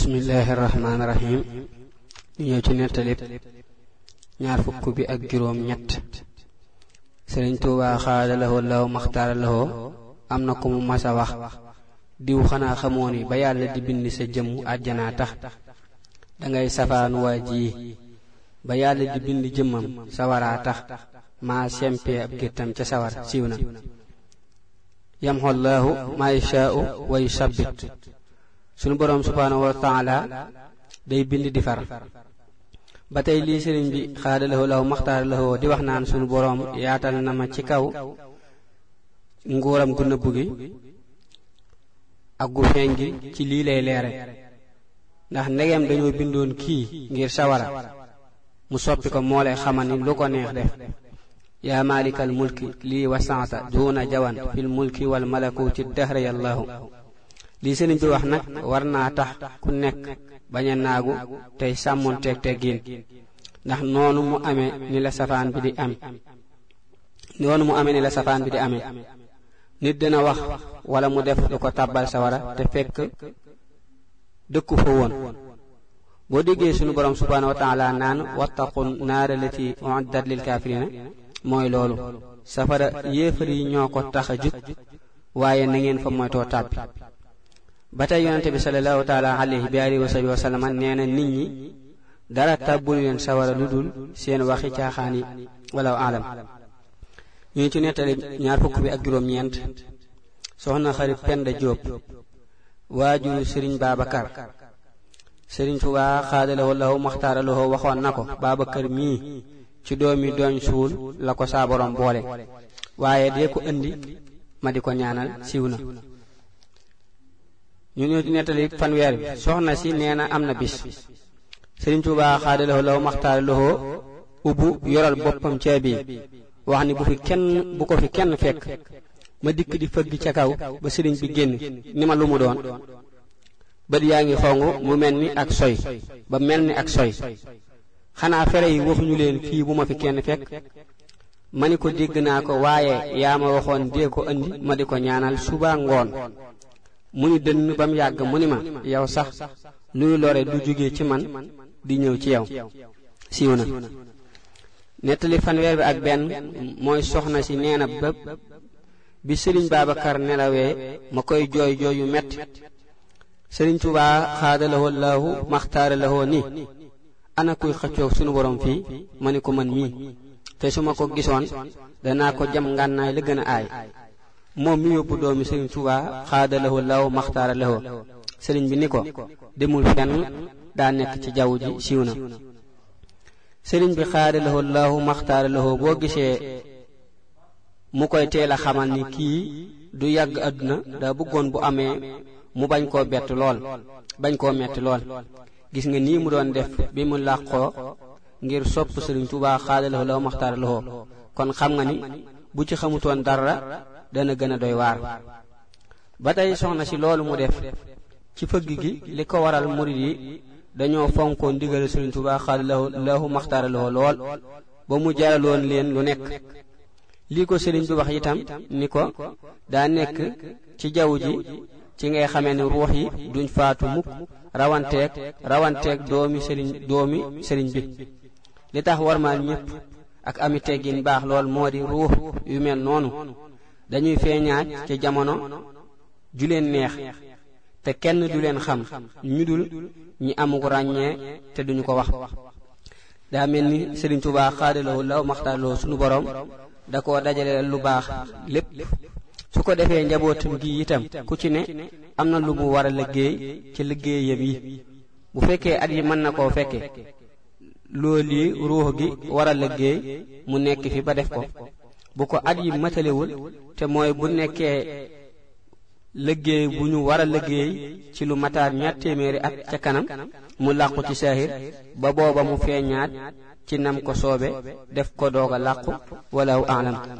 bismillahi rahmaani rahim ñu ñëw ci nettali ñaar fukk bi ak juróom ñett sëriñ Tuubaa xaada am na ku mu masa a wax diw xanaa xamoo ni ba yàlla di bind sa jëmm àjjanaa tax dangay safaan waa ji ba yàlla di bind jëmmam sawaraa tax maa sempee ab géttam ca sawar siiw na yamxollaahu maa yashaa'u wa sunu boroom subhaanahu wa taala day bind di far ba tey lii sëriñ bi xaadalaho law maxtaaralahoo di wax naan sunu boroom yaatal na ma ci kaw nguuram gu nëbbu gi ak gu feeñ gi ci lii lay leere ndax ndegeem dañoo bindoon kii ngir sawara mu soppi ko moo lay xamal ni lu ko neex def yaa maalikal mulki lii wasaata duuna jawan fil mulki wal malakuti dahra yallahu lii sëriñ bi wax nag war naa tax ku nekk bañ a naagu tey sàmmoonteeg teggiin ndax noonu mu amee ni la safaan bi di am noonu mu amee ni la safaan bi di amee nit dina wax wala mu def lu ko tàbbal sawara te fekk dëkku fa woon boo déggee sunu borom subhaanahu wa taala naan wattaqu naara lati u'iddat lil mooy loolu safara yéefar yi ñoo ko tax a waaye na ngeen fa moytoo tàbbi ba tey yonente bi sallallahu taala alayhi bi alihi wa sabi wa sallama nit ñi dara tàbbul leen sawara lu dul seen waxi caaxaan yi aalam ñu ngi ci nettali ñaar fukk bi ak juróom-ñeent soxna xarit Penda Diop waajuru Serigne Babacar Serigne Touba xaadalahu lahu maxtaaralahu waxoon na ko Babacar mii ci doom yi dooñ suul la ko saa borom boole waaye dee ko indi ma di ko ñaanal siiw na ñu ñëw di nettali fanweer bi soxna si nee na am na bis sëriñ Tuubaa xaadaloo law maxtaar loxo ubbu yoral boppam caabi wax ni bu fi kenn bu ko fi kenn fekk ma dikk di fëgg ca kaw ba sëriñ bi génn ni ma lu mu doon bët yaa ngi xong mu mel ni ak soy ba mel ni ak soy xanaa fere yi waxuñu leen fii bu ma fi kenn fekk ma ni ko dégg naa ko waaye yaa ma waxoon dee ko andi ma di ko ñaanal suba ngoon mu ni dënn ba yàgg mu ni ma yow sax luy lore du jóge ci man di ñëw ci yow siiw na nettali fanweer bi ak benn mooy soxna si nee na bi sëriñ Babacar nelawee ma koy jooy jooy yu metti sëriñ Tuubaa xaadalahu laahu maxtaara lahoo ni ana kuy sunu borom fii ma ni ko man mii te su ma ko gisoon danaa ko jam ngànnaay la gën a aay moom mi yóbbu doomi sëriñ Tuubaa xaada lahu law maxtaara lahu sëriñ bi ni ko demul fenn daa nekk ci jaww ji siiw na sëriñ bi xaada lahu law maxtaara lahu boo gisee mu koy teel a xamal ni kii du yàgg àdduna daa bëggoon bu amee mu bañ koo bett lool bañ koo metti lool gis nga nii mu doon def bi mu làqoo ngir sopp sëriñ Tuubaa xaada lahu law maxtaara lahu kon xam nga ni bu ci xamutoon dara dana gën a doy waar ba tey soxna si loolu mu def ci fëgg gi li ko waral murid yi dañoo fonkoon ndigal Sëriñ Tuubaa xaal lahu maxtaaraloo lool ba mu jaraloon leen lu nekk lii ko sëriñ bi wax itam ni ko daa nekk ci jaww ji ci ngay xamee ne ruux yi duñ faatu mukk rawanteeg rawanteeg doomi sëriñ doomi sëriñ bi li tax warmaal ñëpp ak ami teggin baax lool moo di ruux yu mel noonu dañuy feeñaat ca jamono ju leen neex te kenn du leen xam ñu dul ñi amuko ràññee te duñu ko wax daa mel ni Sëriñ Tuubaa xaadaloo law maxtaaloo sunu borom da koo dajale lu baax lépp su ko defee njabootam gi itam ku ci ne am na lu mu war a liggéey ci liggéeyam yi bu fekkee at yi mën na koo fekke loolu yi ruux gi war a liggéey mu nekk fi ba def ko bu ko at yi matalewul te mooy bu nekkee liggéey bu ñu war a liggéey ci lu mataar ñaar téeméeri at ca kanam mu làqu ci saahir ba booba mu feeñaat ci nam ko soobe def ko doog a làqu wallahu aalam